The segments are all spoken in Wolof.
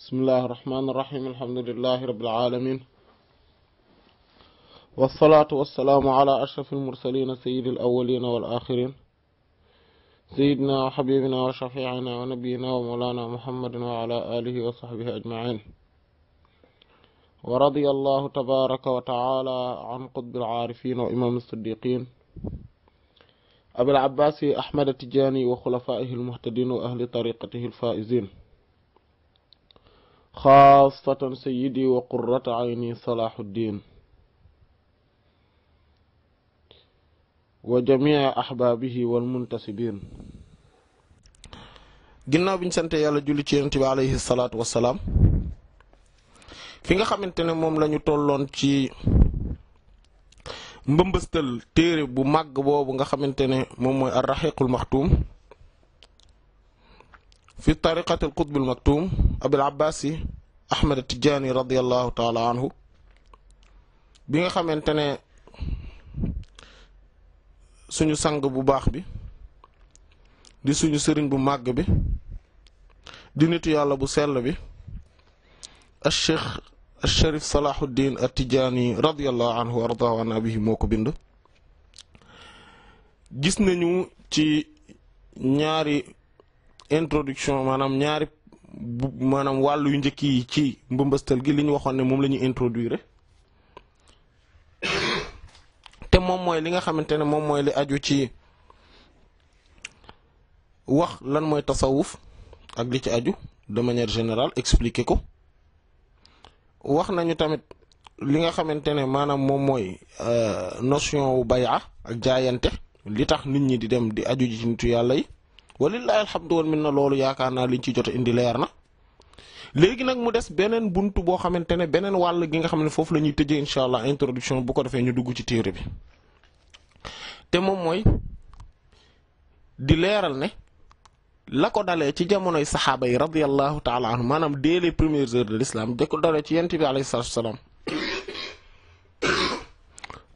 bismillahi irrahmani irrahim alhamdulilahi rabilalamin walsalaatu walsalaamu ala ashraf almursalina sayidi alawalina walaxirin sayidina wa xabibina wa shafiina wa nabiyina wa mawlana muhammadin wa ala alihi wa saxbihi ajmain wa radia allahu tabaraka wa taala an qutbi alcaarifin wa imam alsiddiqin abil abbasi ahmad tijani wa xulafaihi almuhtadin wa ahli tariqatihi alfaizin xaasatan sayidi wa qurrata ayni salahuddin wa jamii ahbaabihi wal muntasibin ginnaaw bi ñu sante yàlla julli ci yonent bi alayhi salaatu salaam fi nga xamante ne moom lañu tolloon ci mbëmbëstal téere bu màgg boobu nga xamante ne moom mooy arraxiqul maxtuum fi tariqati al qutb abil abbaasi ahmed tijaani radiallahu taala anhu bi nga xamante ne suñu sang bu baax bi di suñu sëriñ bu màgg bi di nitu yàlla bu sell bi al cheikh al sharif salahuddin al tijaani radiallahu anhu ardahu an abihi moo ko bind gis nañu ci ñaari introduction maanaam ñaari maanaam wàllu yu njëkk yi ci mbëmbëstal gi li ñu waxoon ne moom la ñuy introduire te moom mooy li nga xamante ne moom mooy li aju ci wax lan mooy tasawuf ak li ci aju de manière générale expliquer ko wax nañu tamit li nga xamante ne maanaam moom mooy euh, notion wu bay'a ak jaayante li tax nit ñi di dem di aju ji ci nitu yàlla yi walillahi alhamdu wal minna loolu yaakaar naa liñ ci jot indi leer na léegi nag mu des beneen bunt boo xamante ne beneen wàll gi nga xam ne foofu la ñuy tëjee incha allah introduction bu ko defee ñu dugg ci téere bi te moom mooy di leeral ne la ko dalee ci jamonoy saxaabay yi radiyallahu taala anhu maanaam dès les premières heures de l'islam da ci yent bi alayhi salaatu wasalaam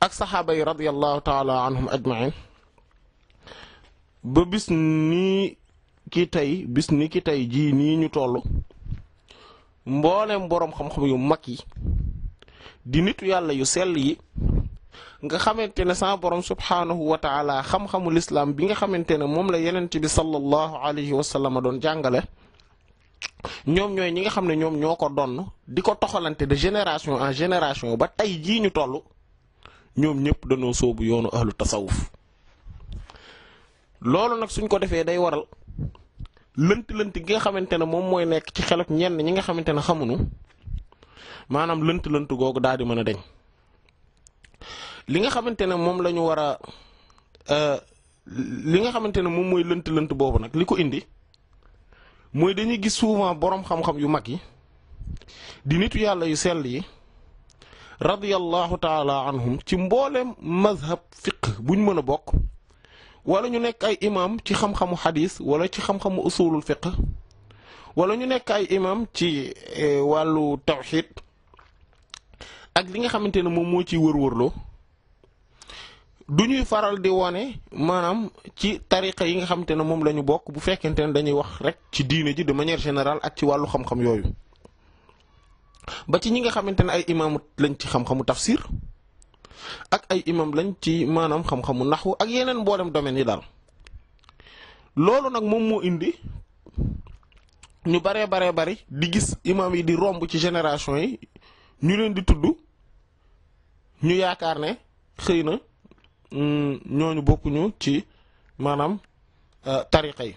saxaaba yi radiyallahu taala anhum ajmain ba bis nii ki tey bis ni ki tey jii nii ñu toll mboolem boroom xam-xam yu mag yi di nitu yàlla yu sell yi nga xamante ne sa borom subhaanahu wa taala xam-xamu lislaam bi nga xamante ne moom la yenent bi sallallahu alayhi wa sallam doon jàngale ñoom ñooy ñi nga xam ne ñoom ñoo ko donn di ko toxalante de génération en génération ba tey jii ñu toll ñoom ñëpp dañoo sóobu yoonu ahlu tasawuf loolu nag suñ ko defee day waral lënt-lënt gi nga xamante ne moom mooy nekk ci xeluk ñenn ñi nga xamante ne xamuñu maanaam lënt-lënt googu daal di mën a deñ li nga xamante ne moom la war a euh, li nga xamante ne moom mooy lënt-lënt boobu nag li ko indi mooy dañuy gis souvent boroom xam-xam yu mag yi di nitu yàlla yu sell yi radiyallahu taala anhum ci mboolem mazhab fiqh buñ mën a bokk wala ñu nekk ay imaam ci xam-xamu xadis wala ci xam-xamu usulul fiqh wala ñu nekk ay imaam ci e, wàllu tawxid ak li nga xamante ne moom moo ciy wër-wërloo du ñuy faral di wone maanaam ci tariqa yi nga xamante ne moom la ñu bokk bu fekkente ne dañuy wax rek ci diine ji de manière générale ak ci wàllu xam-xam yooyu ba ci ñi nga xamante ne ay imam lañ ci xam-xamu tafsir ak ay imam lañ ci maanaam xam-xamu naxwu ak yeneen mboolem domaine yi daal loolu nag moom moo indi ñu baree baree bari di gis imam yi di romb ci génération yi ñu leen di tudd ñu yaakaar ne xëy na mm, ñooñu bokkuñu ci maanaam euh, tariqa yi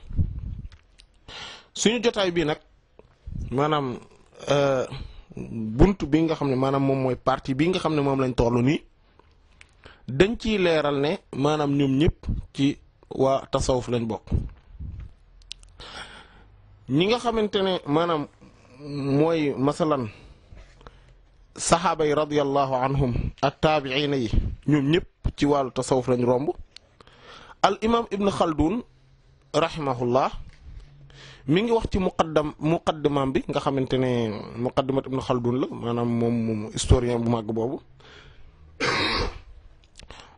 suñu jotaay bii nag maanaam euh, bunt bi nga xam ne maanaam moom mooy parti bi nga xam ne moom lañ toll nii dañ ci leeral ne maanaam ñoom ñëpp ci waa tasawuf lañ bokk ñi nga xamante ne maanaam mooy masalan saxaaba yi radiyallahu anhum ak taabiina yi ñoom ñëpp ci wàllu tasawuf lañ romb al imam ibn xaldun rahimahullah mi ngi wax ci muqaddam muqaddimaam bi nga xamante ne muqaddimat ibn xaldun la maanaam moom mu historien bu màgg boobu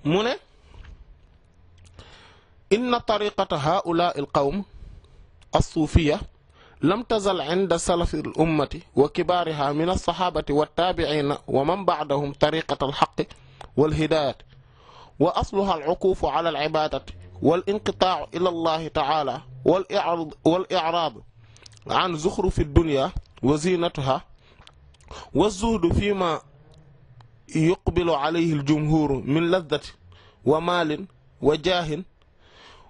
mu ne inna tariqata haula il qawm assuufiya lam tazal inda salafi l ummati wa kibaariha min alsaxaabati wattaabiciina wa man bacdahum tariqata alxaqi walhidaayati wa asluha alcukuufu ala alcibaadati walinqitaacu ila allahi tacaala walicraadu an zuxrufi dunya wa zinatuha wa zuhdu fima yuqbilu alayhi aljumhuru min laddati wa maalin wa jaahin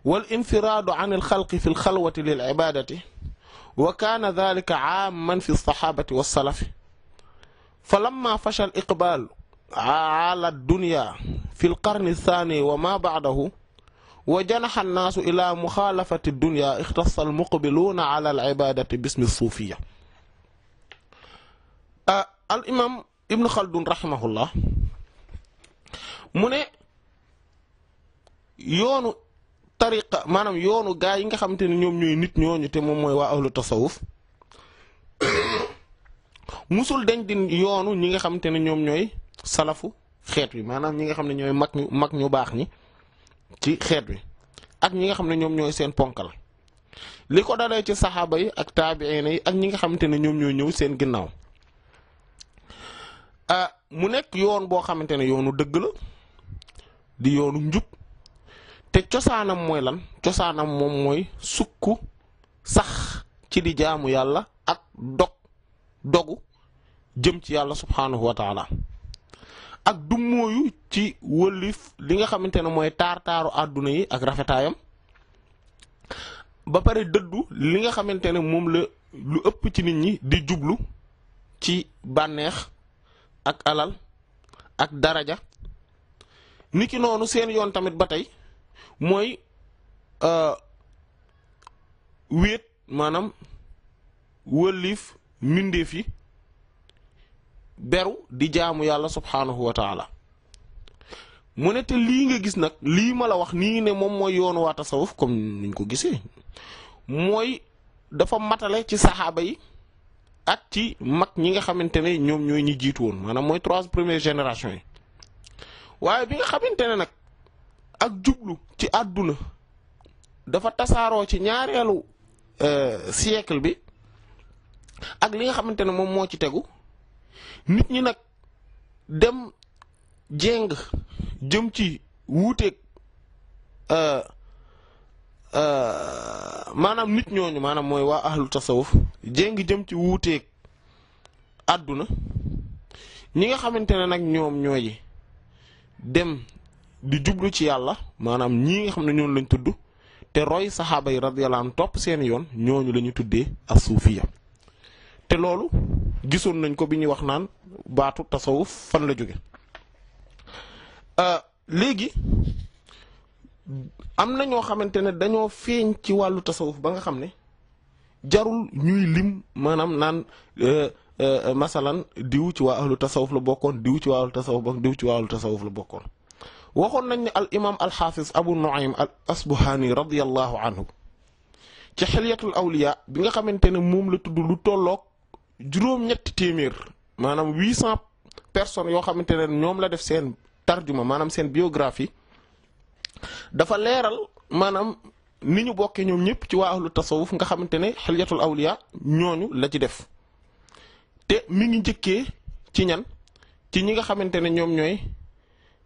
wal infiraadu an alxalqi fi lxalwati lil ibaadati wa kaana dalika caamman fi saxaabati wasalafi fa lamma fasha al iqbaal ala dunya fi lqarni thaani wa ma bacdahu wa janaxa annaasu ila muxaalafati dunya ixtasa almuqbiluuna ala alcibaadati bismi suufiya al ah, imam ibnu xaldun rahimahullah mu ne yoonu tariqa maanaam yoonu gaa yi nga xamante ne ñoom ñooy nit ñooñu te moom mooy waa ahlu tasawuf musul dañ di yoonu ñi nga xamante ne ñoom ñooy salafu xeet wi maanaam ñi nga xam ne ñooy mag ñu mag ñu baax ñi ci xeet wi ak ñi nga xam ne ñoom ñooy seen ponkal li ko dalee ci saxaaba yi ak taabiina yi ak ñi nga xamante ne ñoom ñooy ñëw seen ginnaaw Ah, mu nekk yoon boo xamante ne yoonu dëgg la di yoonu njub te cosaanam mooy lan cosaanam moom mooy sukk sax ci di jaamu yàlla ak dog dogu jëm ci yàlla subhaanahu wa taala ak dummóoyu ci wëllif li nga xamante ne mooy taar-taaru àdduna yi ak rafetaayam ba pare dëddu li nga xamante ne moom la lu ëpp ci nit ñi di jublu ci bànneex ak alal ak daraja niki noonu seen yoon tamit ba tey mooy euh, wéet maanaam wëlliif mbindeef yi beru di jaamu yàlla subhaanahu wa taala mu ne te lii nga gis nag lii ma la wax nii ne moom mooy yoon waa tasawuf comme niñ ko gisee mooy dafa matale ci saxaaba yi ak ci mag ñi nga xamante ne ñoom ñooy ñi jiitu woon maanaam mooy trois premières générations yi waaye bi nga xamante ne nag ak jublu ci àdduna dafa tasaaroo ci ñaareelu euh, siècle bi ak li nga xamante ne moom moo ci tegu nit ñi nag dem jéng jëm ci wuuteeg euh, Euh, maanaam nit ñooñu maanaam mooy waa ahlu tasawuf jéngi jëm ci wuuteeg àdduna ñi nga xamante ne nag ñoom ñooy dem di jublu ci yàlla maanaam ñii nga xam ne ñoom lañ tudd te roy saxaaba yi radiyallahu topp seeni yoon ñooñu la tuddee as-suufiya te loolu gisoon nañ ko bi ñuy wax naan baatu tasawuf fan la jóge euh, léegi am na ñoo xamante ne dañoo feeñ ci wàllu tasawuf ba nga xam ne jarul ñuy lim maanaam naan euh, euh, masalan diw ci waa ahlu tasawuf la bokkoon diw ci waa ahlu tasawuf bokkoon ci waa ahlu la bokkoon waxoon nañ ne al imam alxaafis abu nuaym al asbuhaani radiallahu anhu ci xilyatul awliya bi nga xamante ne moom la tudd lu tollook juróom-ñetti téeméer maanaam huit cent personnes yoo xamante ne ñoom la def seen tarjuma maanaam seen biographie dafa leeral maanaam ni ñu bokkee ñoom ñëpp ci waa ahlu tasawuf nga xamante ne xilyatul awliya ñooñu la ci def te mi ngi njëkkee ci ñan ci ñi nga xamante ne ñoom ñooy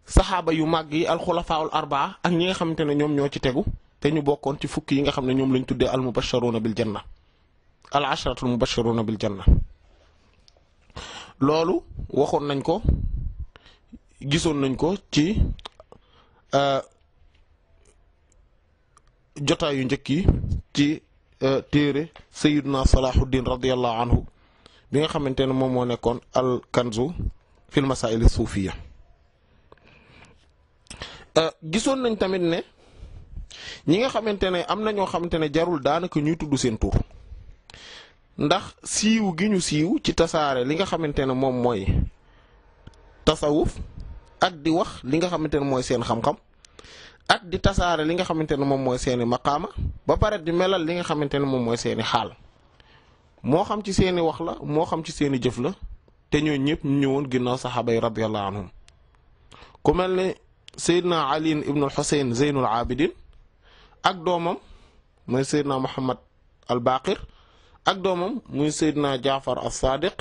saxaaba yu màgg yi alxulafaawul arbaa ak ñi nga xamante ne ñoom ñoo ci tegu te ñu bokkoon ci fukk yi nga xam ne ñoom lañu tuddee al mubasharuna bil janna al asharatul mubasharuna bil janna loolu waxoon nañ ko gisoon nañ ko ci euh, jotaay yu njëkk yi ci euh, téere sayiduna salahuddin radiallahu anhu bi nga xamante ne moom moo nekkoon al kanzu fil masaili suufiya euh, gisoon nañ tamit ne ñi nga xamante ne am na ñoo xamante ne jarul daanaka ñuy tudd seen tur ndax siiw gi ñu siiw ci tasaare li nga xamante ne moom mooy tasawuf ak di wax li nga xamante ne mooy seen xam-xam ak di tasaare li nga xamante ne moom mooy seeni maqaama ba pare di melal li nga xamante ne moom mooy seeni xaal moo xam ci seeni wax la moo xam ci seeni jëf la te ñoo ñëpp ñu ñëwoon ginnaaw saxaaba yi radiyallahu anhum ku mel ne Seydina Ali ibn al-Husayn Zeynul Abidin ak doomam mooy Seydina Muhammad al Baqir ak doomam muy Seydina Jaafar as-Sadiq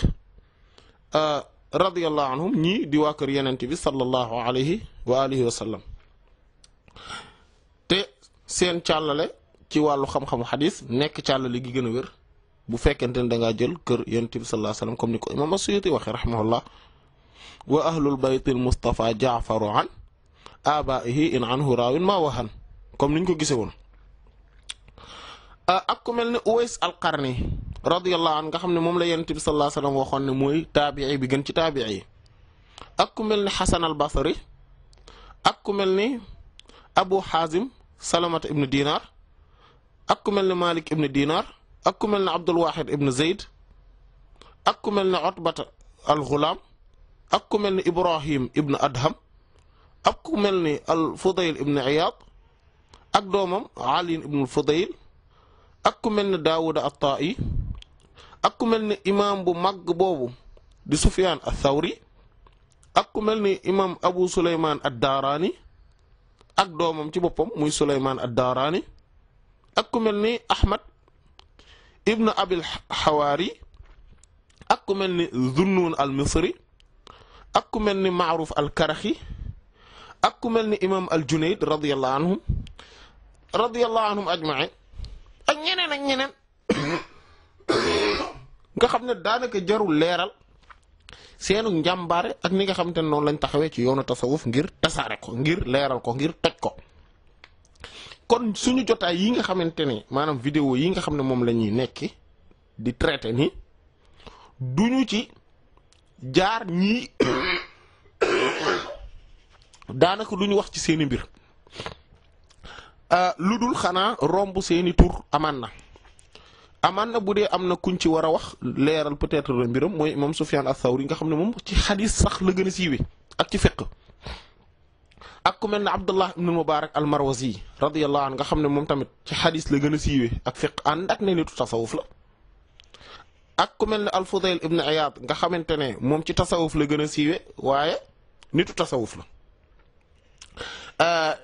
euh, radiyallahu anhum ñii di waa kër yenente bi sallallahu alayhi wa alihi wa sallam te seen càllale ci wàllu xam-xamu xadis nekk càllale gi gën a wér bu fekkente ne da ngaa jël kër yonent bi sallallahu comme ni ko imaam as-Suyuti waxee rahimahullah wa ahlul baytil Mustafa jaafaru an abaihi in anhu raawin ma wahan comme niñ ko gisee woon ah, ak ku mel ne Uways al-Qarni radiyallahu an nga xam ne moom la yonent bi sallallahu alayhi waxoon ne mooy taabi'i bi gën ci taabi'i yi ak ku mel ni Hasan al-Basri ak ku mel ni abu xaazim salamata ibn dinar ak mel ne malik ibn dinar ak mel ne abdul wahid zeyd ak mel ne otbata al gulaam ak mel ne ibrahim ibn adham ak mel ni al fudayl ibn iyad ak doomam ali ibn fudayl ak mel ne daawuda at-taa'i ak mel ni imaam bu mag boobu di sufyaan ath-thawri ak mel ni imaam abu suleymaan ad-daaraani ak doomam ci boppam muy Souleymane ad-Darani ak ku mel ni Ahmad ibn Abil Xawaari ak ku mel ni Zunnun al Misri ak ku mel ni Maaruf al Karaxi ak ku mel ni imam al Junayd radiyallahu anhum radiyallahu anhum ajmain ak ñeneen ak nga xam ne daanaka jarul leeral. seenu njàmbaare ak ni nga xamante ne noonu lañ taxawee ci yoonu tasawuf ngir tasaare ko ngir leeral ko ngir toj ko kon suñu jotaay yi nga xamante ne maanaam video yi nga xam ne moom la ñuy nekki di traité ni duñu ci jaar ñii daanaka duñu wax ci seeni mbir euh, lu dul xanaa romb seeni tur amaan na amaan na bu dee am na kuñ ci war a wax leeral peut-être mbiram mooy moom Sufyaan as-Sawri nga xam ne moom ci xadis sax la gën a siiwee ak ci fiqh ak ku mel ne Abdullah ibn Mubarak al-Marwazi radiyallahu anhu nga xam ne moom tamit ci xadis la gën a siiwee ak fiqh ànd ak ne nitu tasawuf la ak ku mel ne al-Fudayl ibn Iyaad nga xamante ne moom ci tasawuf la gën a siiwee waaye nitu tasawuf la euh,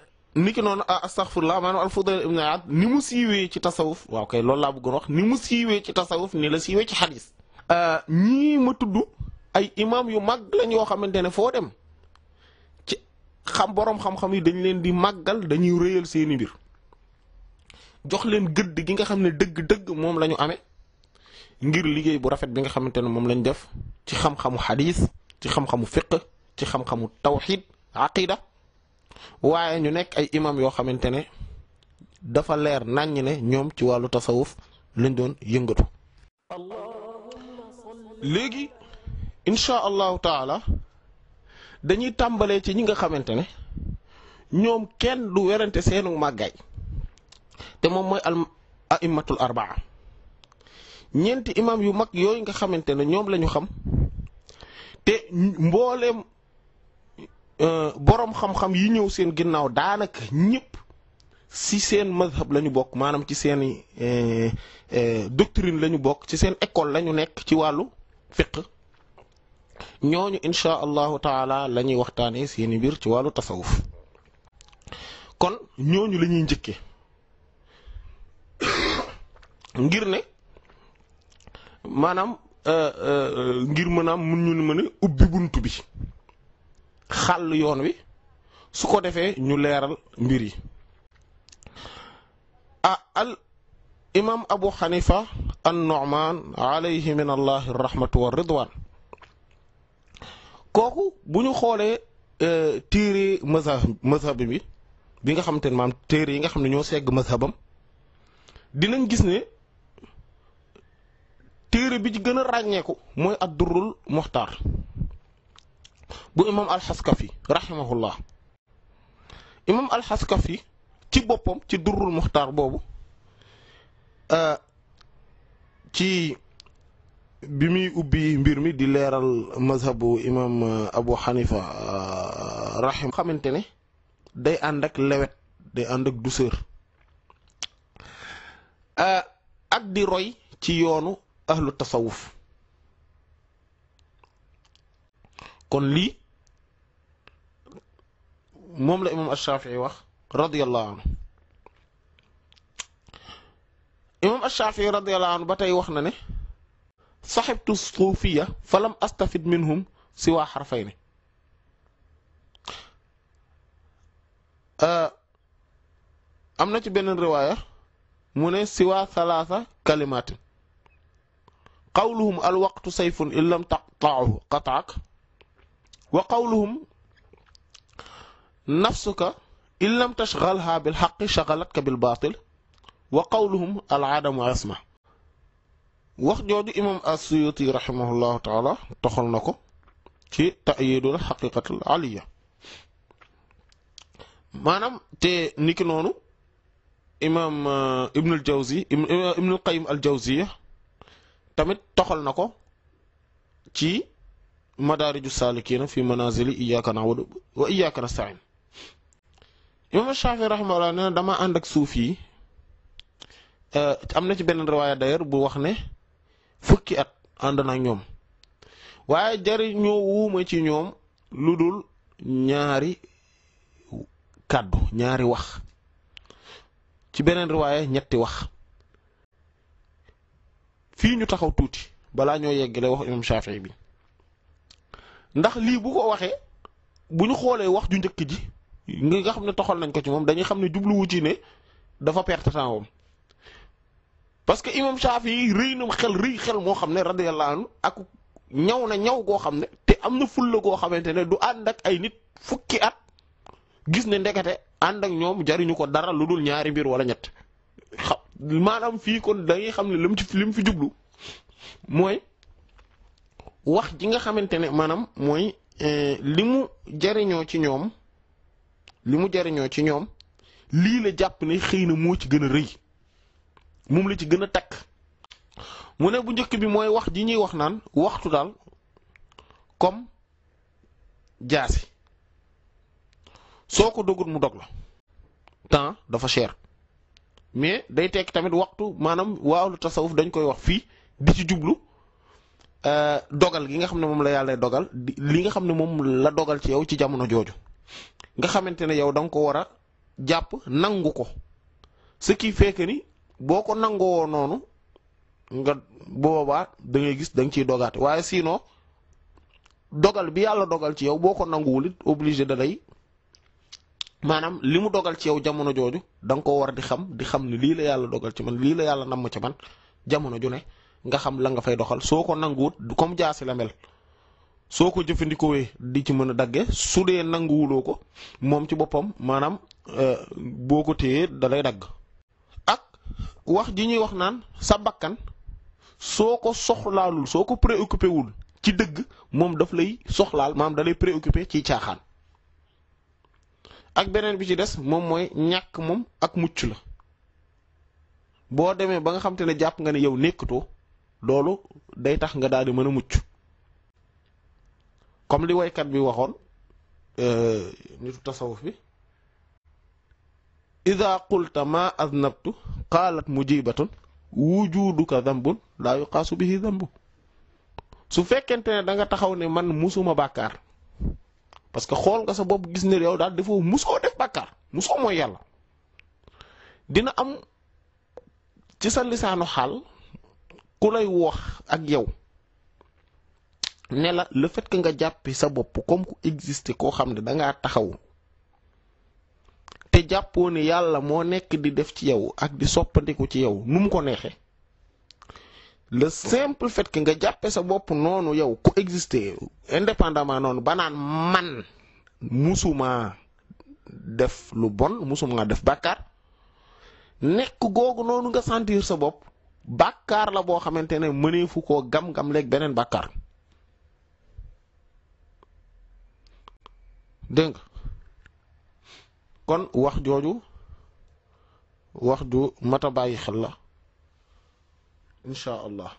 ki noonu ah, astaghfirullah maanaam al-Fudayl ibn Iyad ni mu siiwee ci tasawuf waaw kay loolu laa bëggoon wax ni mu siiwee ci tasawuf ni la siiwee ci xadis. Euh, ñii ma tudd ay imam yu mag lañ yoo xamante ne foo dem ci xam boroom xam-xam yi dañ leen di màggal dañuy réyal seeni mbir jox leen gëdd gi nga xam ne dëgg-dëgg moom la ñu amee ngir liggéey bu rafet bi nga xamante ne moom lañ def ci xam-xamu xadis ci xam-xamu fiqh ci xam-xamu tawxid aqida waaye ñu nekk ay imam yoo xamante ne dafa leer naññ ne ñoom ci wàllu tasawuf lañ doon yëngatu. léegi incha allahu taala dañuy tàmbalee ci ñi nga xamante ne ñoom kenn du werante seenu màggaay te moom mooy al aimmatul arbaa ñeenti imam yu mag yooyu nga xamante ne ñoom lañu xam te mbooleem Euh, boroom xam-xam yi ñëw seen ginnaaw daanaka ñëpp si seen mazhab lañu bokk maanaam ci seeni euh, euh, doctrine la ñu bokk ci seen école lañu nekk ci wàllu fiqh ñooñu inchaa allahu taala la ñuy waxtaanee seeni mbir ci wàllu tasawuf kon ñooñu la njëkke ngir ne maanaam ngir mënaam mun ñu mën a ubbi bunt bi xàll yoon wi su ko defee ñu leeral mbir yi a al imam abu xanifa an nu'man alayhi min allahi kooku bu ñu xoolee euh, téere mazhab mazhab bi bi nga xam te ne maam téere yi nga xam ne ñoo segg mazhabam dinañ gis ne téere bi ci gën a ràññeeku mooy ad durrul muxtaar bu imam alxaskafi rahimahullah imam alxaskafi ci boppam ci durrul muxtaar boobu euh, ci bi muy ubbi mbir mi di leeral mazhabu imam euh, abu xanifa euh, rahim xamante ne day ànd ak lewet day ànd ak douceur ak di roy ci yoonu ahlu tasawuf kon lii moom la imaam Ashafii wax radiyallahu anhu imaam Ashafii radiyallahu anhu ba tey wax na ne saxibtu suufiya falam astafid minhum si waa xarfay ne euh, am na ci beneen riwaaya mu ne si waa thalaatha kalimaatin qawluhum alwaqtu sayfun in lam taqtaahu qataak wa qawluhum nafsuka in lam tashghalha bil haqqi shaghalatka bil baatil wa qawluhum al adamu isma wax jooju imam as-Suyuti rahimahullahu taala toxal na ko ci ta'yidul haqiqatul aliya maanaam te niki noonu imam uh, Ibn al Jawzi uh, Ibn al Qayyim al Jawziya tamit toxal na ko ci madaariju saalikiina fi manazili iyyaka na'budu wa iyyaka nasta'in imam Shafi rahimahullah nee na damaa ànd ak suufi yi euh, am na ci benn riwaaya d'ailleurs bu wax ne fukki at ànd na ñoom waaye jariñoo wuuma ci ñoom lu dul ñaari kàddu ñaari wax ci beneen riwaaya ñetti wax fi ñu taxaw tuuti balaa ñoo yeggale wax imam Shafi bi ndax lii bu ko waxee bu ñu xoolee wax ju njëkk ji ñi nga xam ne toxol nañ ko ci moom dañuy xam ne jubluwu ci ne dafa perte temps wam parce que imam Shafi rëy na xel rëy xel moo xam ne radiyallahu anhu ak ñaw na ñaw goo xam ne am na fulla goo xamante ne du ànd ak ay nit fukki at gis ne ndekete ànd ak ñoom jariñu ko dara lu dul ñaari mbir wala ñett xa maanaam fii kon dangay xam ne lim ci lim fi jublu mooy wax ji nga xamante ne maanaam mooy eh, limu jariñoo ci ñoom li mu jariñoo ci ñoom lii la jàpp ne xëy na moo ci gën a rëy moom la ci gën a takk mu ne bu njëkk bi mooy wax ji ñuy wax naan waxtu daal comme jaasi soo ko dogut mu dog la temps dafa cher mais day tekki tamit waxtu maanaam waaw lu tasawuf dañ koy wax fii di ci jublu euh, dogal gi nga xam ne moom la yàlla dogal li nga xam ne moom la dogal ci yow ci jamono jooju nga xamante ne yow danga ko war a jàpp nangu ko ce qui fait ni boo ko nangoo noonu nga boobaa da gis dang ciy dogaate waaye sino dogal bi yàlla dogal ci yow boo ko nanguwul it obligé da lay maanaam li mu dogal ci yow jamono jooju da ko war di xam di xam ni lii la yàlla dogal ci man lii la yàlla namm ci man jamono ju ne nga xam la nga fay doxal soo ko nanguwut comme jaasi la mel soo ko jëfandikoo di ci mën a dagge su dee nanguwuloo ko moom ci boppam maanaam euh, boo ko téyee dalay dagg ak wax ji ñuy wax naan sa bakkan soo ko soxlaalul soo ko préoccupé wul ci dëgg moom daf lay soxlaal maanaam dalay préoccupé ci caaxaan ak beneen bi ci des moom mooy ñàkk moom ak mucc la boo demee ba nga xam te ne jàpp nga ne yow nekkatoo loolu day tax nga daal di mën a mucc comme li waykat bi waxoon euh, nitu tasawuf bi ida qulta ma aznabtu qaalat mujibatun wujuduka dambun laa yuqaasu bihi dambu su fekkente ne danga taxaw ne man musuma bàkkaar parce que xool nga sa bopp gis ne yow daal defoo musoo def bàkkaar musoo mooy yàlla dina am ci sa lisaanu xaal ku lay wax ak yow ne la le fait nga jàppe sa bopp comme ku exister koo xam ne dangaa taxaw te jàppoo ne yàlla moo nekk di def ci yow ak di soppandiku ci yow nu mu ko neexee le simple fait que nga jàppe sa bopp noonu yow ku exister indépendamment noonu ba naan man musuma def lu bon musuma def bàkkaar nekk googu noonu nga sentir sa bopp bàkkaar la boo xamante ne mëneefu koo gam-gam leeg beneen bàkkaar dégg kon wax jooju wax ju mata bàyyi xel la incha allah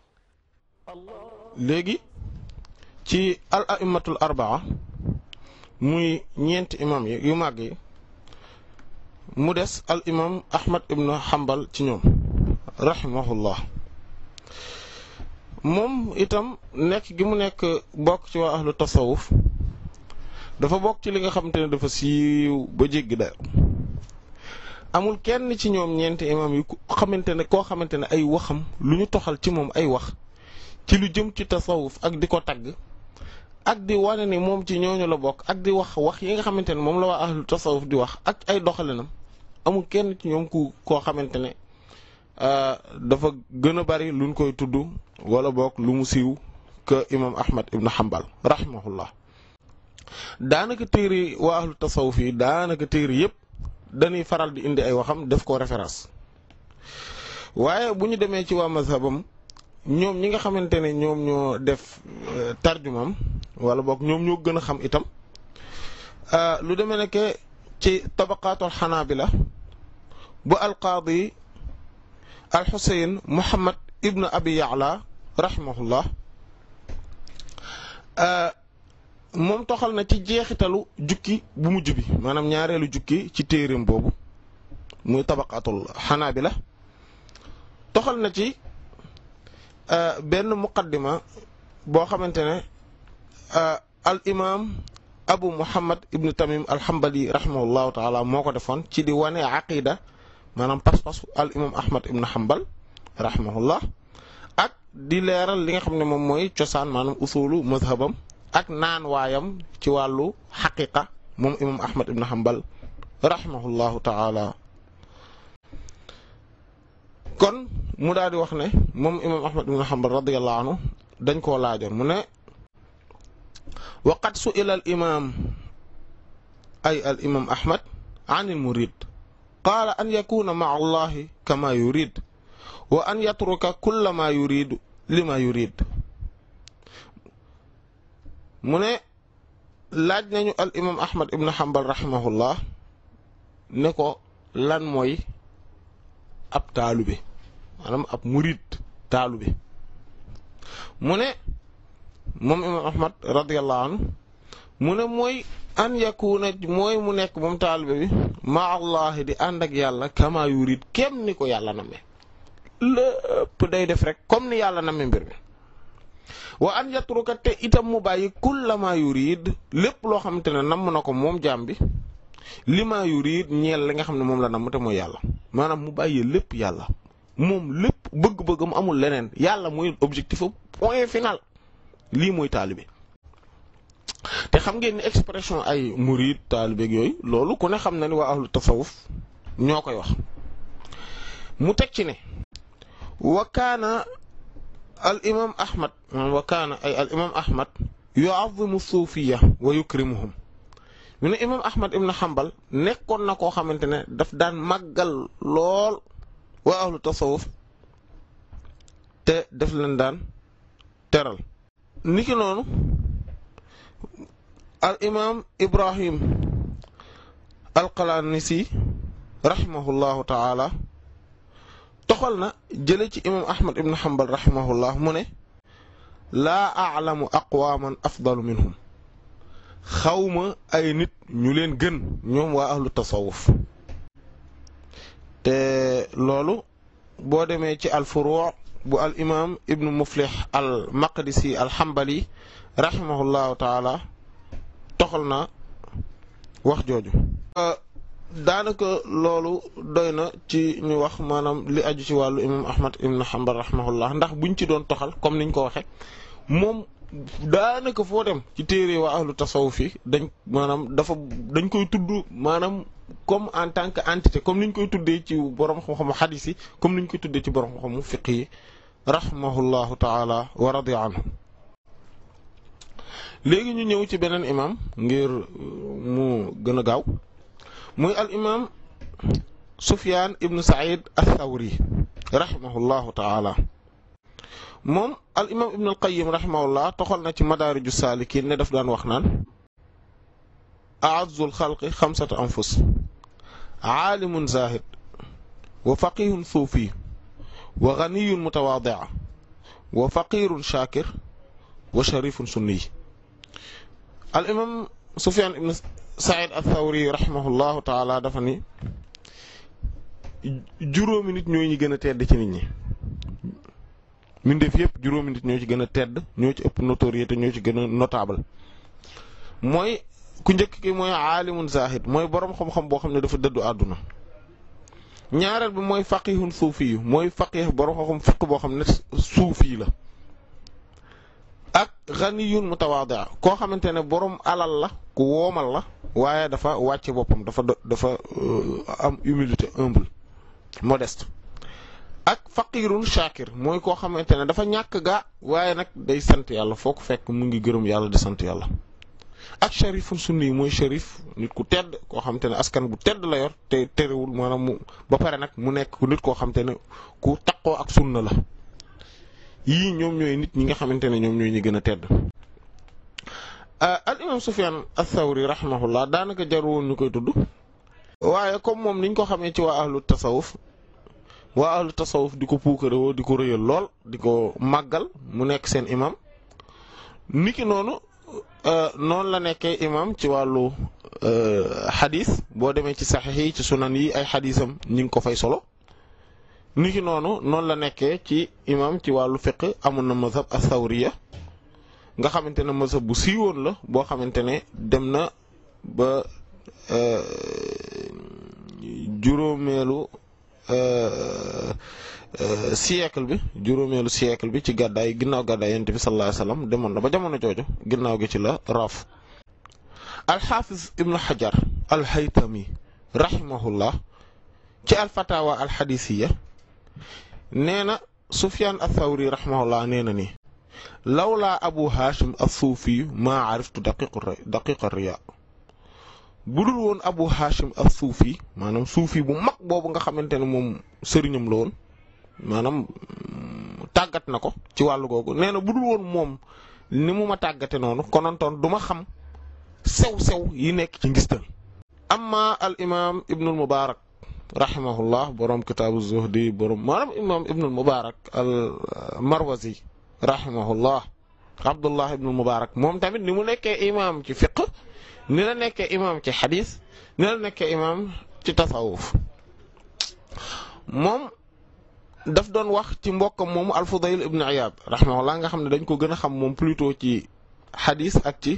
léegi ci al aimatul arbaa muy ñeenti imam yi yu màgg yi mu des al imam ahmad ibnu hambal ci ñoom rahimahullah moom itam nekk gi mu nekk bokk ci waa ahlu tasawuf dafa bokk ci li nga xamante ne dafa siiw ba jéggi dayo amul kenn ci ñoom ñeenti imam yi xamante ne koo xamante ne ay waxam lu ñu toxal ci moom ay wax ci lu jëm ci tasawuf ak di ko tagg ak di wane ni moom ci ñooñu la bokk ak di wax wax yi nga xamante ne moom la waa ahlu tasawuf di wax ak ay doxalinam amul kenn ci ñoom ku koo xamante ne euh, dafa gën a bari luñ koy tudd wala bokk lu mu siiw que imam Ahmad ibn Hanbal rahimahullah daanaka téere waa ahlu tasawuf yi daanaka téere yépp dañuy faral di indi ay waxam def ko référence waaye bu ñu demee ci waa mazhabam ñoom ñi nga xamante ne ñoom ñoo def euh, tarjumam wala boog ñoom ñoo gën a xam itam euh, lu deme nekke ci tabaqaatul xanaabila bu alqaadi alxuseyn muhammad ibn abi yaala rahimahullah euh, moom toxal na ci jeexitalu jukki bu mujj bi maanaam ñaareelu jukki ci téereem boobu muy tabaqatul la toxal na ci euh, benn muqaddima boo xamante ne euh, al imaam abu muhammad ibnu tamim alhambali rahimahullahu taala moo ko defoon ci di wane aqida maanaam pas-pasu al imaam ahmad ibnu hambal rahimahullah ak di leeral li nga xam ne moom mooy cosaan maanaam usulu mazhabam ak naan waayam ci wàllu xaqiqa moom imam ahmad ibn hanbal rahimahullahu taala kon mu daal di wax ne moom imam ahmad ibn hanbal radiallahu anhu dañ koo laajoon mu ne waqad su'ila al imam ay al imam ahmad an al murid qaala an yakuna maa allahi kama yurid wa an yatruka kulla ma yurid lima yurid mu ne laaj nañu al imam ahmad ibn hanbal rahimahullah ne ko lan mooy ab taalube maanaam ab murid taalube mu ne moom imam ahmad radiallahu anhu mu ne mooy an na mooy mu nekk moom taalube bi ma allahi di ànd ak yàlla kama yurid kem ni ko yàlla namme lépp day def rek comme ni yàlla namme mbir mi wa an yatruka te itam mu bàyyi kulla ma yurid lépp loo xamante ne nam na ko moom jaam bi li ma yurid ñeel la nga xam ne moom la namm te mooy yàlla maanaam mu bàyyi lépp yàlla moom lépp bëgg bëgg mu amul leneen yàlla mooy objectif am point final lii mooy taalibe te xam ngeen ni expression ay murid taalibeeg yooyu loolu ku ne xam na ni waa ahlu tasawuf ñoo koy wax mu teg ci ne wa al imaam Ahmad wa kaana suufiya wa yukrimuhum mu imaam Ahmad ibn Hanbal nekkoon na koo xamante ne daf daan màggal lool waa ahlu tasawuf te def leen daan teral. niki noonu al imaam Ibrahim al Qalanisi rahimahullahu ta'ala. toxal na jële ci imam ahmad ibn hanbal rahimahullah mu ne laa aalamu aqwaman afdalu minhum xawma ay nit ñu leen gën ñoom waa ahlu tasawuf te loolu boo demee ci al furuu bu al imaam ibnu muflih al maqdisi al hanbali rahimahullahu taala toxal na wax jooju daanaka loolu doy na ci ñu wax maanaam li aju ci wàllu imam ahmad ibn hanbal rahimahullah ndax buñ ci doon toxal comme niñ ko waxe moom daanaka foo dem ci téere waa ahlu tasawuf yi dañ maanaam dafa dañ koy tudd maanaam comme en tant que entité comme niñ koy tuddee ci borom xam-xamu xadis yi comme niñ koy tuddee ci borom xam-xamu fiq yi rahimahullahu taala wa radiya anhu léegi ñu ñëw ci beneen imaam ngir mu gën a gaaw muy al imaam Sufyaan ibn Saïd ath-Thawri rahimahullahu taala moom al imaam ibn al Qayyim rahimahullah toxal na ci madaariju saalikiin ne daf daan wax naan a'azzul xalqi xamsatu anfus aalimun zaahid wa faqihun suufi wa ganiyun mutawaadi'a wa faqirun shaakir wa sharifun sunni al imaam Sufyaan ibn Saïd al-Thawri rahimahullahu taala dafa ni juróomi nit ñoo ñu gën a tedd ci nit ñi mbindeef yëpp juróomi nit ñoo ci gën a tedd ñoo ci ëpp notoriété ñoo ci gën a notable mooy ku njëkk ki mooy aalimun zahid mooy boroom xam-xam boo xam ne dafa dëddu àdduna ñaareel bi mooy faqihun suufi yu mooy faqih boroom xam-xam fiq boo xam ne suufi la ak xaniyun mutawaadaa koo xamante ne borom alal la ku woomal la waaye dafa wàcce boppam dafa dafa euh, am humilité humble modeste ak faqirun shakir mooy koo xamante ne dafa ñàkk gaa waaye nag day sant yàlla foo ko fekk mu ngi gërëm yàlla di sant yàlla ak sharifun sunni mooy sharif nit ku tedd koo xamante ne askan bu tedd la yor te terewul maanaam mu ba pare nag mu nekk nit koo xamante ne ku taqoo ak sunna la yii ñoom ñooy nit ñi nga xamante ne ñoom ñooy ñi gën a tedd ah, al imam Sufyan ath-Thawri rahimahullah daanaka jar woon ñu koy tudd waaye comme moom liñ ko xamee ci waa ahlu tasawuf waa ahlu tasawuf di ko puukarewoo di ko rëyal lool di ko màggal mu nekk seen imam niki noonu euh, noonu la nekkee imaam ci wàllu xadis euh, boo demee ci saxiix yi ci sunan yi ay xadisam ñi ngi ko fay solo ni ki noonu noonu la nekkee ci imam ci wàllu fiqh amoon na mazhab as-sawriya nga xamante ne mazhab bu siiwoon la boo xamante ne dem na ba euh, juróomeelu euh, euh, siècle bi juróomeelu siècle bi ci gàddaay ginnaaw gàddaay yonent bi sallallahu alayhi demoon na ba jamono jooju ginnaaw gi ci la raaf alxaafiz ibnu xajar alxaytami rahimahullah ci alfatawa alxadisiya nee na Sufyaan ath-Thawri rahimahullah nee na nii lawlaa Abu Hashim as-Suufi maa ariftu daqiq daqiq riyaa budul woon Abu Hashim as-Suufi maanaam suufi bu mag boobu nga xamante ne moom sëriñam la woon maanaam mm, tàggat na ko ci wàllu googu nee na budul woon moom ni mu ma tàggate noonu konontoon duma xam sew-sew yi nekk ci ngistal amma al imaam Ibnul Mubaarak rahimahullah borom kitaabu zuhdi borom maanaam imaam ibnul Mubaarak al marwazi rahimahullah abdullah ibnul Mubaarak moom tamit ni mu nekkee imaam ci fiq ni la nekkee imaam ci xadis ni la nekkee imaam ci tasawuf moom daf doon wax ci mbokkam moomu al-Fudayl ibn Iyaad rahimahullah nga xam ne dañ ko gën a xam moom plutôt ci xadiis ak ci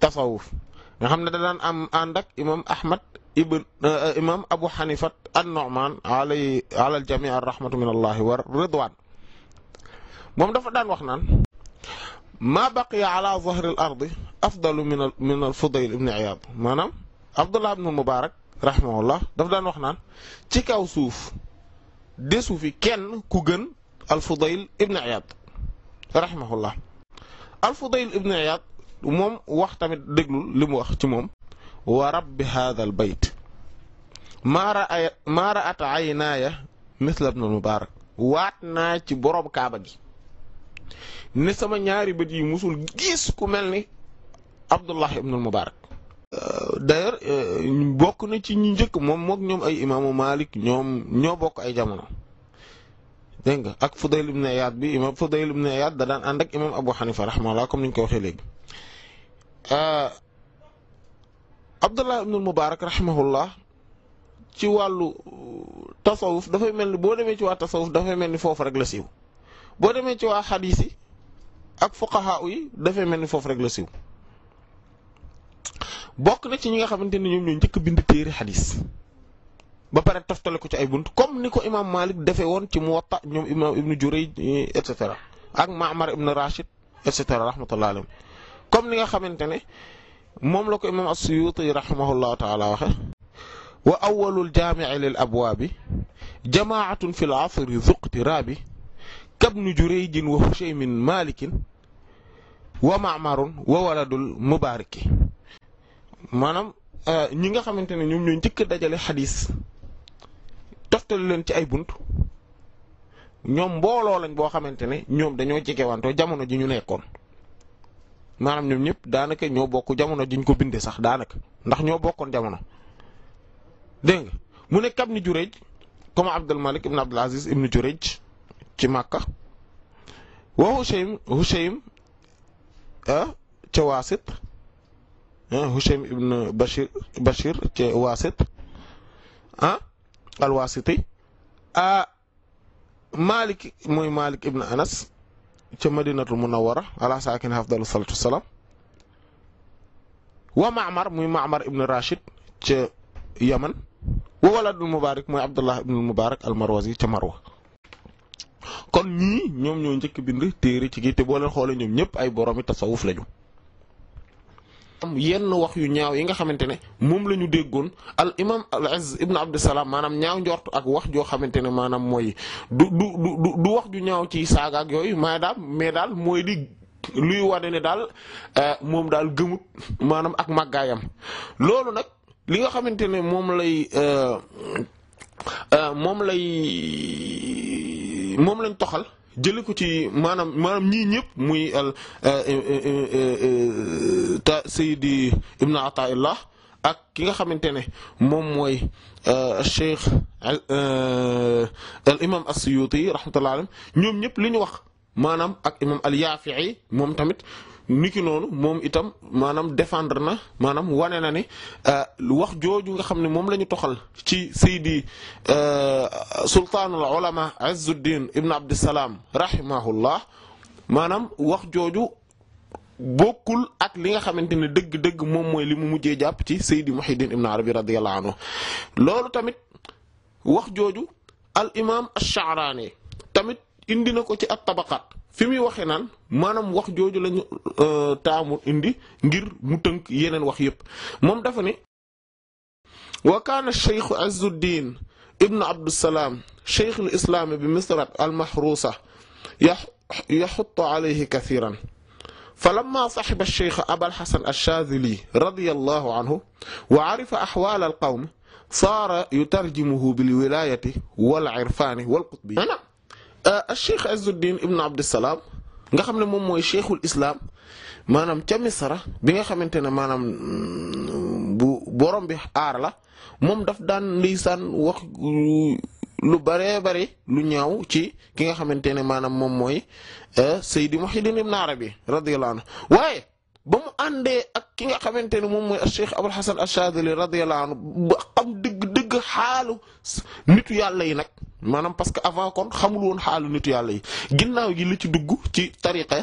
tasawuf nga xam ne da daan am ànd ak imaam Ahmad ibn euh, imam abu xanifat an nu'man alay alal jamii ar rahmatu min allahi war ridwan moom dafa daan wax naan maa baqiya ala zahri al ardi afdalu min al min al fudayl ibn iyad maanaam abdullah ibn mubarak rahimahullah dafa daan wax naan ci kaw suuf desu fi kenn ku gën al fudayl ibn iyad rahimahullah al fudayl ibn iyad moom wax tamit déglul li mu wax ci moom wa rabbi hadha al bayt maa ra'at aynaaya misla ibn al mubaarak waat naa ci boroom kaaba gi ne sama ñaari bët yi musul gis ku mel ni abdullah ibn al mubaarak euh, d'ailleurs euh, bokk na ci ñu njëkk moom mook ñoom ay imaamu malik ñoom ñoo bokk ay jamono dégg nga ak Fudayl ibn Iyad bi imaam Fudayl ibn Iyad da daan ànd ak imaam Abu Hanifa rahmaallah comme ni ñu ko waxee léegi euh, Abdullah ibnul Mubaarak rahimahullah ci wàllu tasawuf dafay mel ni boo demee ci waa tasawuf dafay mel ni foofu rek siiw boo demee ci waa xadiis yi ak fuqahaa yi dafay mel ni foofu rek la siiw bokk na ci ñi nga xamante ni ñoom ñoo njëkk bind téere xadiis ba pare toftale ko ci ay bunt comme ni ko imaam Maalik defee woon ci Muwatta ñoom imaam Ibnu Jurayj et cetera ak Ma'mar ibnu Rashid et cetera rahmatullahi alayhim comme ni nga xamante ne moom la ko imaam as-Suyuuti rahimahullahu taala waxe wa awwalul jaami'i lil abwaabi jamaatun fi l asri zuqtiraabi kabnu jurayjin wa hushaymin malikin wa mamarun wa waladul mubaariki maanaam euh, ñi nga xamante ne ñoom ñoo njëkk dajale xadis toftal leen ci ay bunt ñoom mbooloo lañ boo xamante ne ñoom dañoo jegewantoo jamono ji ñu nekkoon maanaam ñoom ñëpp daanaka ñoo bokk jamono jiñ ko bindee sax daanaka ndax ñoo bokkoon jamono dégg nga mu ne Kabni Jurayj comme Abdul Malik ibn Abdul Aziz ibn Jurayj ci Makka wa Hushaym Hushaym ah ca Waasit ah Hushaym ibn Bashir Bashir ca Waasit ah al Waasiti ah Malik mooy Malik ibn Anas. ca madinatul munawwara ala saakin afdalu salatu wasalaam wa Maamar muy mamar ibn Rashid ca Yaman wa waladul Mubaarak mooy Abdullah ibn Mubaarak al-Marwazi ca Marwa. kon ñii ñoom ñoo njëkk bind téere ci gi te boo leen xoole ñoom ñëpp ay boroomi tasawuf lañu. am yenn wax yu ñaaw yi nga xamante ne moom la ñu déggoon al imam al Izz ibn Abdussalam maanaam ñaaw njort ak wax joo xamante ne maanaam mooy du du du du wax ju ñaaw ci saaga ak yooyu maa daal mais daal mooy di luy wane ne daal euh, moom daal gëmut maanaam ak màggaayam loolu nag li nga xamante ne moom lay euh, euh, moom lay moom lañ toxal jële ko ci maanaam maanaam ñii ñëpp muy seyd eh, eh, eh, ta Seydi Ibn ak ki nga xamante ne moom mooy Cheikh al imam as-Suyuti rahmatullahi alayhi ñoom ñëpp li ñu wax maanaam ak imam al-Yafi'i moom tamit niki noonu moom itam maanaam défendre na maanaam wane na ne euh, wax jooju nga xam ne moom la ñu toxal ci saydi euh, sultaanul ulama Izzuddin ibn Abdissalaam rahimahullah maanaam wax jooju bokkul ak li nga xamante ne dëgg-dëgg moom mooy li mu mujjee jàpp ci saydi Muhyiddin ibn Arabi radiyallahu anhu loolu tamit wax jooju al imaam ash-Sha'rani tamit indi na ko ci at-Tabaqaat fi muy waxee naan maanaam wax jooju lañu euh, taamu indi ngir mu tënk yeneen wax yépp moom dafa ne wa kaana cheikhu azuddin ibnu abdusalaam cheikh al islaami bi misrat almahruusa yaxutu alayhi kathiran fa lama saxiba cheikh abalxasan alchaazili radiyallahu anhu wa arifa axwaal alqawm saara yutarjimuhu bilwilaayati wal irfaani wal qutbi Euh, Cheikh Azuddin Ibn Abdusalaam nga xam ne moom mooy cheikhul islam maanaam ca Misra bi nga xamante ne maanaam mm, bu borom aar la moom daf daan ndeysaan wax lu baree bari lu ñaaw ci ki nga xamante ne maanaam moom mooy euh, Seydi Muhyiddin Ibn Arabi radiyallahu anhu waaye ba mu àndee ak ki nga xamante ne moom mooy Cheikh Abul Hasan Ashadili radiyallahu ba xam dëgg dëgg xaalu nitu yàlla yi nag maanaam parce que avant kon xamul woon xaalu nitu yàlla yi ginnaaw gi li ci dugg ci tariqa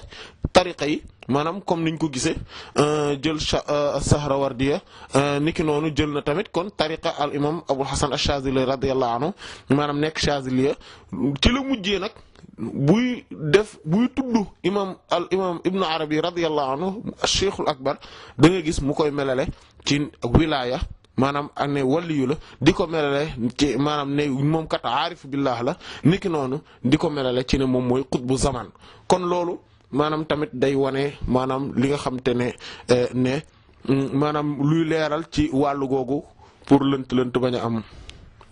tariqa yi maanaam comme niñ ko gisee euh, jël euh, Sahrawardiya euh, niki noonu jël na tamit kon tariqa al imam Abul Hasan ash-Shazili radiyallahu anhu maanaam nekk Shaziliya ci la mujjee nag buy def buy tudd imam al imam Ibn Arabi radiyallahu anhu Cheikhul Akbar da gis mu koy melale ci wilaya. maanaam ak ne la di ko melale ci maanaam ne moom kat aarif billah la niki noonu di ko melale ci ne moom mooy xutbu zaman kon loolu maanaam tamit day wane maanaam li nga xam te ne eh, ne mm, maanaam luy leeral ci wàllu googu pour lënt lënt bañ am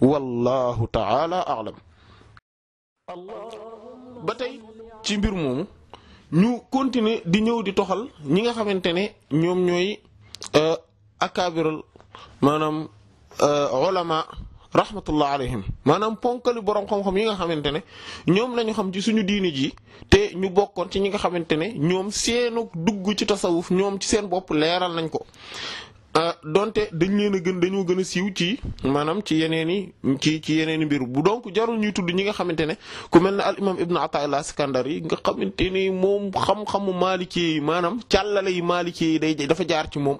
wallahu taala alam ba tey ci mbir moomu ñu continuer di ñëw di toxal ñi nga xamante ne ñoom ñooy eh, akabirul maanaam euh, ulama rahmatullah alayhim maanaam ponkali borom xam-xam yi nga xamante ne ñoom lañu xam ci suñu diini ji te ñu bokkoon ci ñi nga xamante ne ñoom seenu dugg ci tasawuf ñoom ci seen bopp leeral nañ ko Euh, donte dañ leen a gën dañoo gën a siiw ci maanaam ci yeneen i ci ci yeneen i mbir bu donc jarul ñuy tudd ñi nga xamante ne ku mel ne al imam ibnu ataillah Iskandari yi nga xamante ni moom xam-xamu maalikee yi maanaam càllale yi maalikee yi day dafa jaar ci moom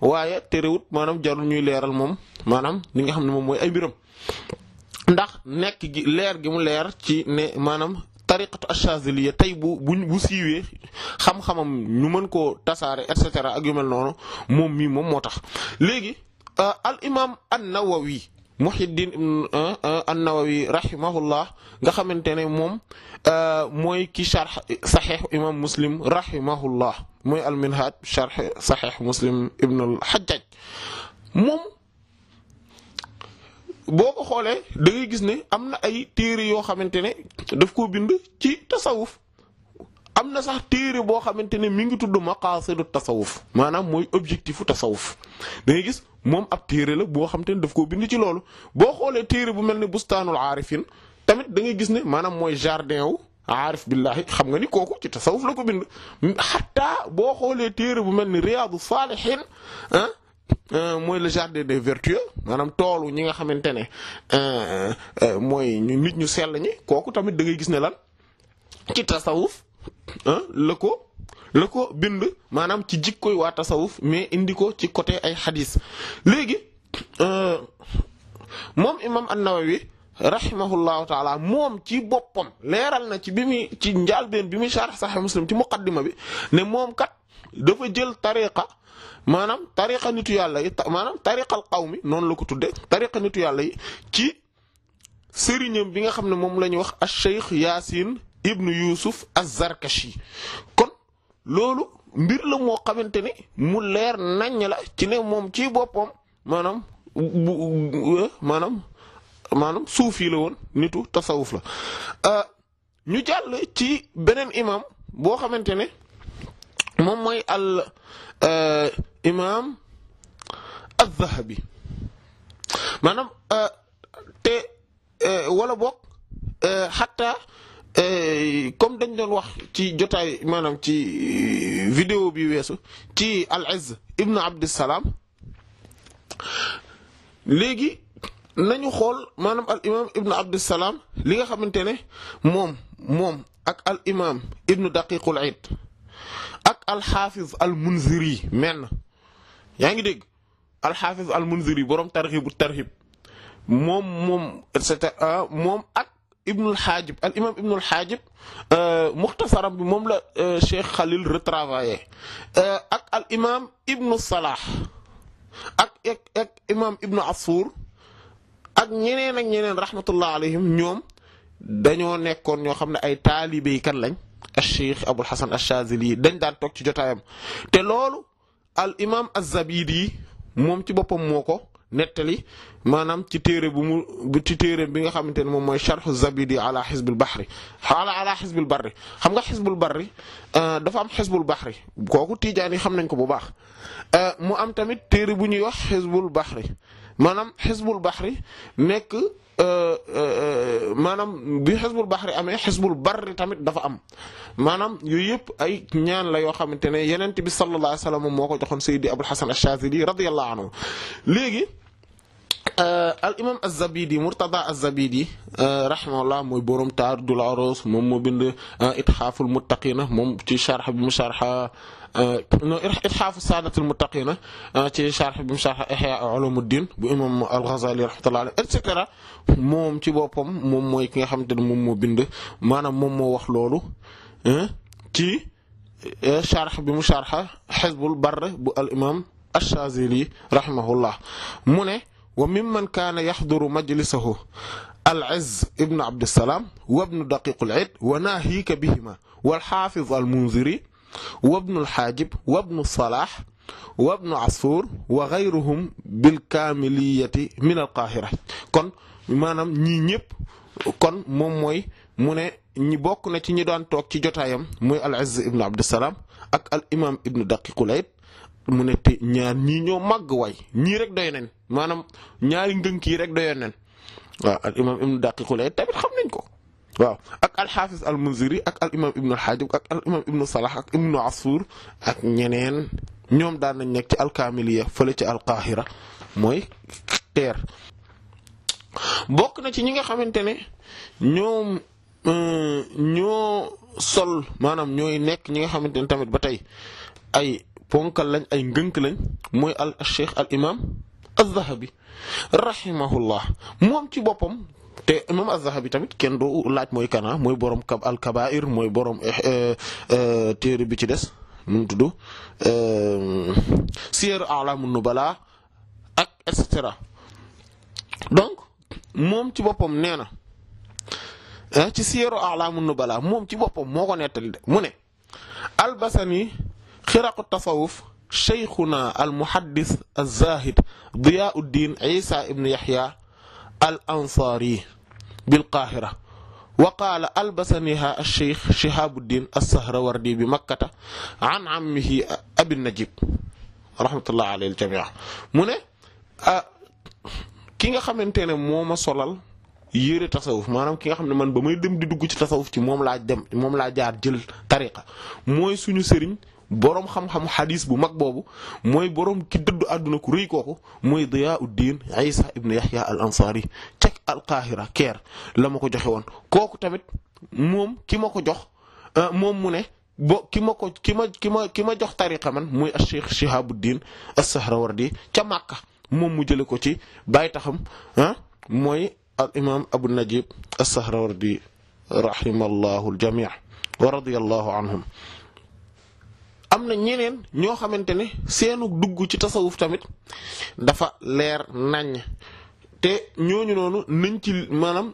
waaye te terewut maanaam jarul ñuy leeral moom maanaam li nga xam ne moom mooy ay mbiram ndax nekk gi leer gi mu leer ci ne maanaam tariqatu achaziliya tey bu bu bu siiwee xam-xamam ñu mën koo tasaare et cetera ak yu mel noonu moom mii moom moo tax. léegi euh, al imaam an-Nawawi Muhyiddin euh, euh, an-Nawawi rahimahullah nga xamante ne moom mooy ki sharh saxiix imaam muslim rahimahullah mooy al minhaj sharh saxiix muslim ibn hajjaj moom. boo ko xoolee da ngay gis ne am na ay téere yoo xamante ne daf koo bind ci tasawuf am na sax téere boo xamante ne mi ngi tudd maqaasidu tasawuf maanaam mooy objectifu tasawuf da ngay gis moom ab téere la boo xamante ne daf koo bind ci loolu boo xoolee téere bu mel ne bustaanul aarifin tamit da ngay gis ne maanaam mooy jardin wu aarif billahi xam nga ni kooku ci tasawuf la ko bind xataa boo xoolee téere bu mel ni riyaadu saalihin ah Euh, mooy le jardin des vertueux maanaam toolu ñi nga xamante ne euh, euh, mooy ñu nit ñu sell ñi kooku tamit da ngay gis ne lan ci tasawuf la ko la ko bind maanaam ci jikkoy waa tasawuf mais indi ko ci côté ay xadis léegi moom imam an-Nawawi rahimahullahu taala moom ci boppam leeral na ci bi muy ci njaalbeen bi muy sharh Sahih Muslim ci muqaddima bi ne moom kat dafa jël tariqa maanaam tariqa nitu yàlla yi maanaam tariqal qawmi noonu la ko tudde tariqa nitu yàlla yi ci sëriñam bi nga xam ne moom la ñuy wax ash-Shaykh Yaasin ibnu Yuusuf az-Zarkashi kon loolu mbir la moo xamante ni mu leer naññ la ci ne moom ci boppam maanaam eh, maanaam maanaam suufi la woon nitu tasawuf la euh, ñu jàll ci beneen imam boo xamante ne moom mooy al euh, imaam az-Zahabi maanaam euh, te euh, wala boog xataa euh, comme dañ doon wax ci jotaay maanaam ci vidéo bi weesu ci al-Izz ibn Abdissalaam léegi nañu xool maanaam al imaam ibn Abdissalaam li nga xamante ne moom moom ak al imaam ibn Daqiqul Iid ak al xaafiz al Munziri menn yaa ngi dégg alxaafis almunziri borom tarxibu tarxib moom moom et cetera moom ak ibnul xaajib al imam ibnul euh, bi moom la euh, Cheikh Khalil retravaillé euh, ak al imam ibnu Salah ak ak ak imam ibnu ak ñeneen ak ñeneen rahmatullah alayhim ñoom dañoo nekkoon ñoo xam ne ay taalibé yi kan lañ al Cheikh Abul Hasan al Chazili dañ daan toog ci jotaayam te loolu al imaam az-Zabidi moom ci boppam moo ko nettali maanaam ci téere bu mu ci téere bi nga xamante ne moom mooy charxu zabidi ala xisbul baxri ala ala xisbul barri xam nga xisbul barri euh, dafa am xisbul baxri kooku tiijaan yi xam nañ ko bu baax euh, mu am tamit téere bu ñuy wax xisbul baxri maanaam xisbul baxri nekk Euh, euh, maanaam bi xisbul baxri amee xisbul barri tamit dafa am maanaam yooyu yëpp ay ñaan la yoo xamante ne yenent bi sallallahu alayhi wa sallam moo ko joxoon Seydi Abul Hasan Ash-Shazili radiyallahu anhu léegi euh, al imam az-Zabidi Murtada az-Zabidi rahimahullah mooy borom Taajul Arus moom moo bind Ithaaful Muttaqina moom ci sharh bi mu sharha Euh, no itxaafu saadatul muttaqina euh, ci charx bi mu charx ihya ulumuddin bu imam al-Ghazali rahmatullahi alayhi et cetera moom ci boppam moom mooy ki nga xamante ne moom moo bind maanaam moom moo wax loolu ci charx euh, bi mu charx xisbul barr bu al imam ash-Shazili rahimahullah mu ne wa mimman kaana yaxduru majlisahu al-Izz ibn Abdissalaam wa ibn Daqiq al-Iid wa naahiika bihimaa wal xaafiz al-Munziri wabnu xaajib wabnu salaax wabnu asfuur wa xayruhum bil kaamiliyati min al qaahira kon maanaam ñi ñëpp kon moom mooy mu ne ñi bokk na ci ñi daan toog ci jotaayam muy al izz ibnu abdusalaam ak al imaam ibnu daqiqul ayd mu ne te ñaar ñii ñoo màgg way ñii rek doy neen maanaam ñaari ngënk yi rek doyoon neen waaw al imaam ibnu daqiqul ayd tamit xam nañ ko waaw ak alxaafis al munziri ak al imam ibnu alxaajib ak al imam ibnu salax ak ibnu asfur ak ñeneen ñoom daan nañ nekk ci alkaamiliya fële ci alqaahira mooy teer bokk na ci ñi nga xamante ne ñoom euh, ñoo sol maanaam ñooy nekk ñi nga xamante ne tamit ba tey ay ponkal lañ ay ngënk lañ mooy al cheikh al imam az-zahabi rahimahullah moom ci boppam te imam az-Zahabi tamit kenn du laaj mooy kana mooy borom kab al kabair mooy borom eh, eh, eh, téere bi ci des nu mu tudd Siyar A'lamun Nubala ak et cetera donc moom ci boppam nee na ci Siyar A'lamun Nubala moom ci boppam moo ko nettali de mu ne albasani xiraqu tasawuf cheikhuna al muhaddis az-zahid Diyaa'uddin Isa ibn Yahya al ansaari bil qaahira wa qaala albasaniha alcheikh shihabuddin alsahrawardi bi makkata an ammihi abi najib rahmatullah aleyhi aljamia mu ne ah, ki nga xamante ne moo ma solal yére tasawuf maanaam ki nga xam ne man ba may dem di dugg ci tasawuf ci moom laa dem moom laa jaar jël tariqa mooy suñu sëriñ boroom xam-xamu xadis bu mag boobu mooy boroom ki dëddu àdduna ku rëy kooku mooy Diyaauddin Isa ibn Yahya al Ansari cek al Qahira Caire la ma ko joxe woon. kooku tamit moom ki ma ko jox euh, moom mu ne bo ki ma ko ki ma ki ma ki ma jox tariqa man muy Cheikh Shihabuddin as-Sahrawardi ca Makka moom mu jëlee ko ci bàyyi taxam ah mooy al imaam Abu Najib as-Sahrawardi rahimallahu al-jamii wa radiyallahu anhum am na ñeneen ñoo xamante ne seenu dugg ci tasawuf tamit dafa leer naññ te ñooñu noonu nañ ci maanaam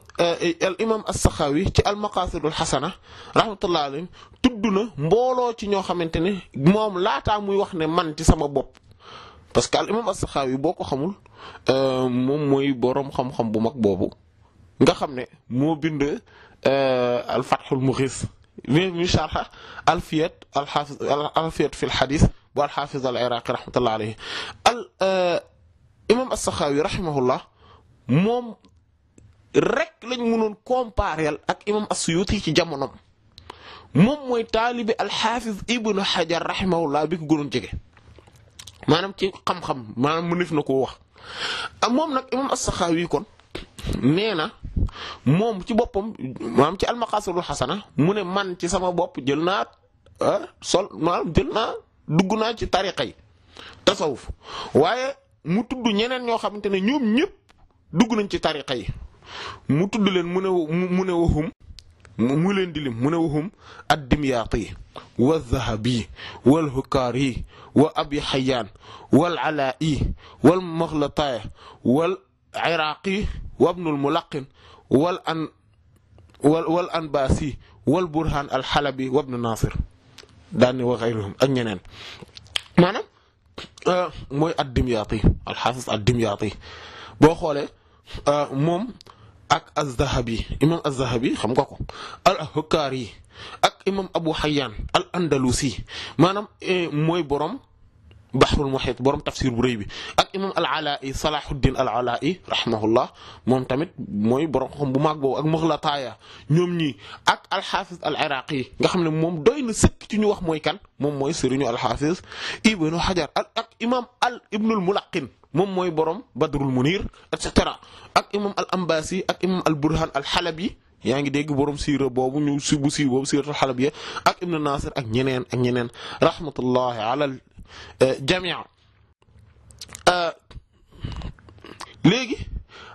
eh, al imam as-Saxaawi ci al-Maqaasidul Xasana rahmatullah alayhi tudd na mbooloo ci ñoo xamante ne moom laataa muy wax ne man ci sama bopp. parce que al imam as-Saxaawi boo ko xamul eh, moom mooy boroom xam-xam bu mag boobu nga xam ne moo bind eh, al-Fathul Mughis mi mi sharxa alfiyat alxaafiz alfiyat fi lxadis bu alxaafiz al iraqi rahmatullah alayhi al uh, imam assaxaawi rahimahullah moom rek lañ mënoon compareel ak imam assuyuti ci jamonom moom mooy taalibi alxaafiz ibnu xajar rahimahullah bi ko gënoon jege maanaam ci xam-xam maanaam mënef na koo wax moom nag imam assaxaawi kon nee na moom ci boppam maanaam ci almaqasidul xasana mu ne man ci sama bopp jël naa ah, sol jël naa dugg naa ci tariqa yi tasawuf waaye mu tudd ñeneen ñoo xamante ne ñoom ñëpp dugg nañ ci tariqa yi mu tudd leen mu ne mu waxum mu leen di lim mu ne waxum ad-Dimyaati wa Zahabi wal Hukaari wa Abi Xayaan wal Alaa'i wal Maxlataay wal Iraaqi wa Ibnul Mulaqin wal an wal wal anbaasi wal burhaan al xalabi wabnu nasir daan ne wa xayruhum ak ñeneen maanaam euh, mooy ad dimyaati al xaafis ad boo xoolee euh, moom ak az-zahabi imam az-zahabi xam nga ko al hukkaari ak imam abu xayaan al andalusi maanaam eh, mooy borom. baxrul muxiit borom tafsir bu rëy bi ak imam al-Alaa'i Salaahuddin al-Alaa'i rahimahullah moom tamit mooy borom xam bu màgg boobu ak Muxlataaya ñoom ñii ak al-Xaafiz al-Iraaqi nga xam ne moom doy na sëkk ci ñu wax mooy kan moom mooy sëriñu al-Xaafiz Ibnu Hajar ak ak imam al Ibnul Mulaqin moom mooy borom Badrul Munir et cetera ak imam al-Ambaasi ak imam al-Burhaan al-Xalabi. yaa ngi dégg borom siira boobu ñu si bu si boobu siiratul xalab ya ak ibnu nasir ak ñeneen ak ñeneen rahmatullahi ala Euh, jamian euh, léegi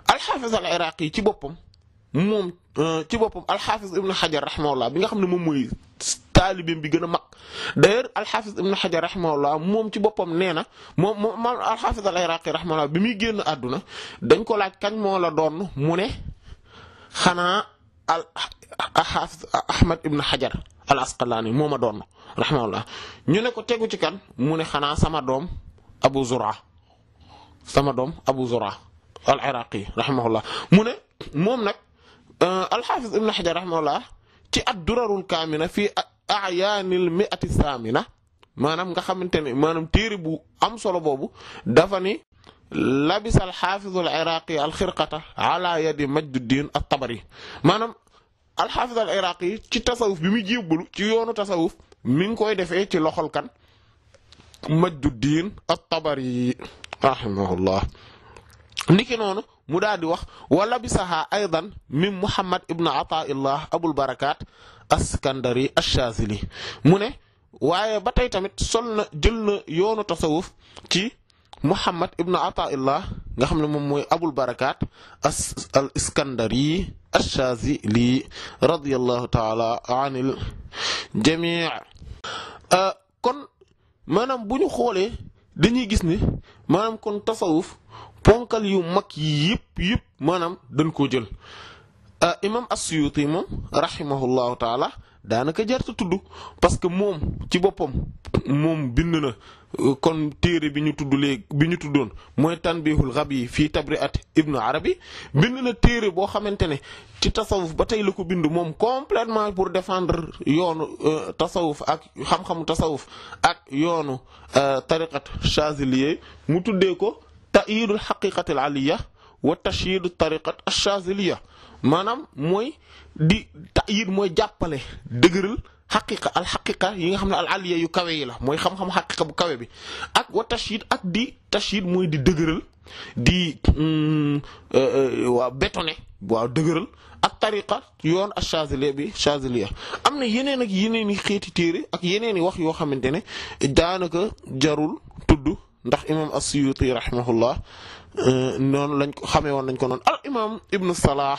alxaafis al iraqi ci boppam moom euh, ci boppam alxaafis ibn xajar rahimahullah bi nga xam ne moom mooy taalibeem bi gën a mag d'ailleurs alxaafis ibn xajar rahimahullah moom ci boppam nee na moom moom alxaafis al iraqi rahimahullah bi muy génn àdduna dañ ko laaj kañ moo la doon mu ne xanaa al xaafis Ahmad ibn Hajar al Asqalaani moo ma doon rahimahullah ñu ne ko tegu ci kan mu ne xanaa sama doom Abu Zura doom Abu Zura al Iraqi rahimahullah mu ne moom nag euh, al xaafis ibn Hajar rahimahullah ci ad-Durarul Kaamina fii a'yaanil mi'ati saamina maanaam nga xamante ne maanaam téere bu am solo boobu dafa ni labisa al xaafisul iraqi al xirqata ala yadi majduddin at-tabari maanaam alxaafis al iraqi ci tasawuf bi muy jébbalu ci yoonu tasawuf mi ngi koy defee ci loxol kan majduddin at-tabari rahimahullah niki noonu mu daal di wax wala bisaha aydan min muhammad ibn ataillah abul barakat askandari ashazili mu ne waaye ba tey tamit sol na jël yoonu tasawuf ci Muhammad ibnu Ataillah nga xam ne moom mooy abul barakaat as al iskandari ash-Shazili radiyallahu taala anil jamii euh, kon maanaam bu ñu xoolee dañuy gis ne maanaam kon tasawuf ponkal yu mag yi yëpp yëpp maanaam dañ koo jël euh, imam as-Suyuti moom rahimahullahu taala daanaka jarta tudd parce que moom ci boppam moom bind na kon téere bi ñu tudd léegi bi ñu tuddoon mooy tanbihul rab yi fii at ibnu arabi bind na téere boo xamante ne ci tasawuf ba tey la ko bind moom complètement pour défendre yoonu euh, tasawuf ak xam-xamu tasawuf ak yoonu euh, tariqat chazilier mu tuddee ko ta'yidul haqiqatil aliya wa tashyidu tariqat achaziliya maanaam mooy di ta'yid mooy jàppale dëgëral xaqiqa al xaqiqa yi nga xam ne al aliya yu kawe yi la mooy xam-xam xaqiqa bu kawe bi ak wa tashyid ak di tashyid mooy di dëgëral di mm, euh, euh, waaw bétonné waaw dëgëral ak tariqa yoon a Chazili bi Chaziliya am na yeneen ak yeneen i xeeti téere ak yeneen i wax yoo xamante ne daanaka jarul tudd ndax imam as-Suyuti rahimahullah euh, noonu lañ ko xamee woon nañ ko noonu al imam Ibn Salah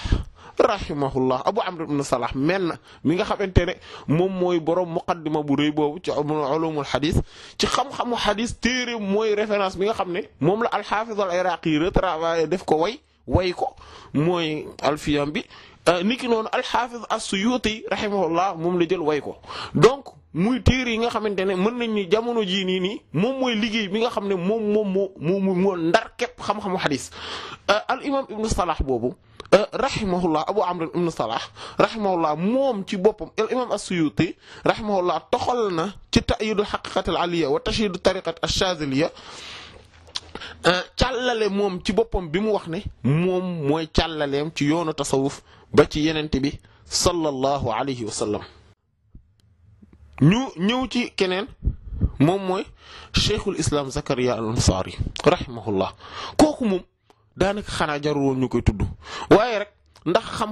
rahimahullah abu amr ibn salah na mi nga xamante ne moom mooy borom muqaddima bu rëy boobu ci ulumul hadis ci xam-xamu hadis mooy référence bi nga xam ne moom la alxaafiz al iraqi retravaillé def ko way way ko mooy alfiyam bi euh, niki noonu alxaafiz as-suyuti rahimahullah moom la jël way ko donc muy téere yi nga xamante ne mën nañ ni jamono jii nii nii moom mooy liggéey bi nga xam ne moom moom moo moo ndar képp xam-xamu hadis euh, al imam ibn salah boobu Euh, rahimahullah abu amr ibn salah rahimahullah moom ci boppam al imam as-suyuti rahimahullah toxal na ci ta'yidul haqiqat al aliya wa tashdid tariqat ash-shaziliya euh, càllale moom ci boppam bi mu wax ne moom mooy càllaleem ci yoonu tasawuf ba ci yenente bi sallallahu alayhi wa sallam ñu ñëw ci keneen moom mooy cheikhul islam zakaria al ansari rahimahullah kooku moom daanaka xanaa jarul woon ñu koy tudd waaye rek ndax xam